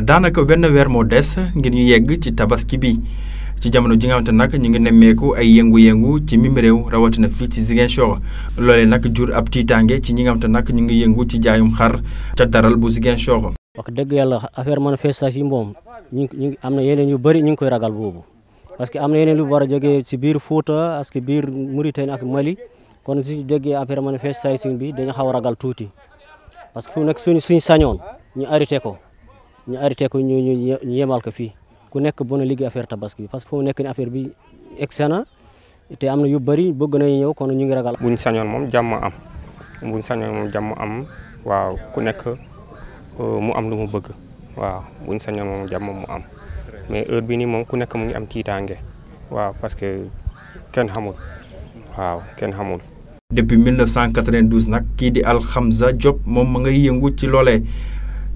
daanaka benn weer moo des ngir ñu yegg ci tabaski bi ci jamono ji nga nag ñu ngi nemmeeku ay yëngu-yëngu ci mim réew rawatina fii ci Ziguinchor loolee nag jur ab tiitaange ci ñi nga nag ñu ngi yëngu ci jaayum xar ca daral bu Ziguinchor. wax dëgg yàlla affaire manifestation yi moom ñu ngi am na yeneen yu bëri ñu ngi koy ragal boobu parce que am na yeneen lu war a jógee si biir Fouta parce que biir Mauritanie ak Mali kon si déggee affaire manifestation bi dañu xaw a ragal tuuti parce que fu nekk suñu suñu sañoon ñu arrêté ko. ñu arrêté ko ñu ñu yemal ko fii ku nekk bu na liggéey affaire tabaski bi parce que fu mu nekk ni affaire bi excès na te am na yu bari bëgg nañ ñëw kon ñu ngi ragal. buñ sañoon moom jàmm am buñ sañoon moom jàmm am waaw ku nekk euh, mu am lu mu bëgg waaw buñ sañoon moom jàmm mu am mais heure bi nii moom ku nekk mu ngi am tiitaange waaw parce que kenn xamul waaw kenn xamul. depuis 1992 nag kii di Al Hamza Diop moom ma ngay yëngu ci loole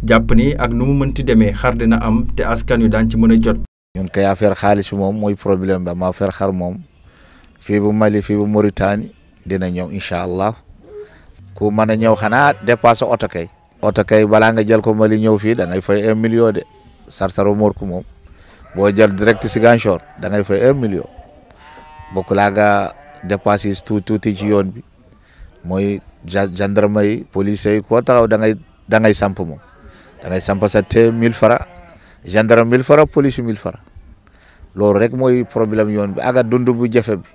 jàpp ni ak nu mu mënti demee xar dina am te askan wi daan ci mën a jot. ñun kay affaire xaalis moom mooy problème bi am affaire xar moom fii bu Mali fii bu dina ñëw incha allah ku mën a ñëw xanaa dépassé oto kay. oto kay balaa nga jël ko Mali ñëw fii da ngay fay un million de sarsaro moor ko moom boo jël direct Ziguinchor da ngay fay un million bokk laa nga dépassé tuuti tuuti ci yoon bi mooy gendarme yi police yi koo taxaw da ngay da samp moom. da sampa samp sa te 1000 francs gendarme 1000 francs police 1000 francs loolu rek mooy problème yoon bi aga dund bu jafe bi.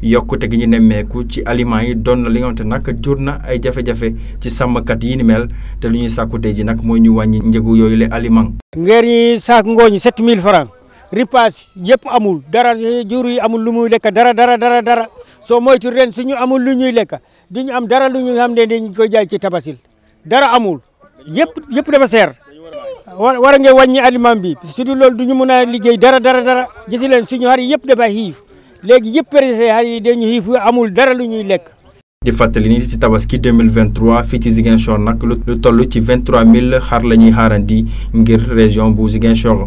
yokkute gi ñu nemmeeku ci aliments yi doon na li nga xamante nag jur na ay jafe-jafe ci sàmmkat yi ni mel te lu ñuy sàkku tey nag mooy ñu wàññi njëgu yooyu le aliment. ngeer yi saak ngooñ 7000 francs ripaas yëpp amul dara jur yi amul lu muy lekk dara dara dara dara soo moytu su ñu amul lu ñuy lekk ñu am dara lu ñuy xam ne dañ koy jaay ci tabasil dara amul. yëpp yëpp dafa seer war war nga wàññi aliment bi su dul loolu du mën a liggéey dara dara dara gis leen suñu xar yi yëpp dafa xiif léegi yëpp périssé xar yi dañu xiif amul dara lu ñuy lekk. di fàttali ni ci tabaski 2023 fii ci Ziguinchor nag lu toll ci mille xar la ñuy xaarandi ngir région bu Ziguinchor.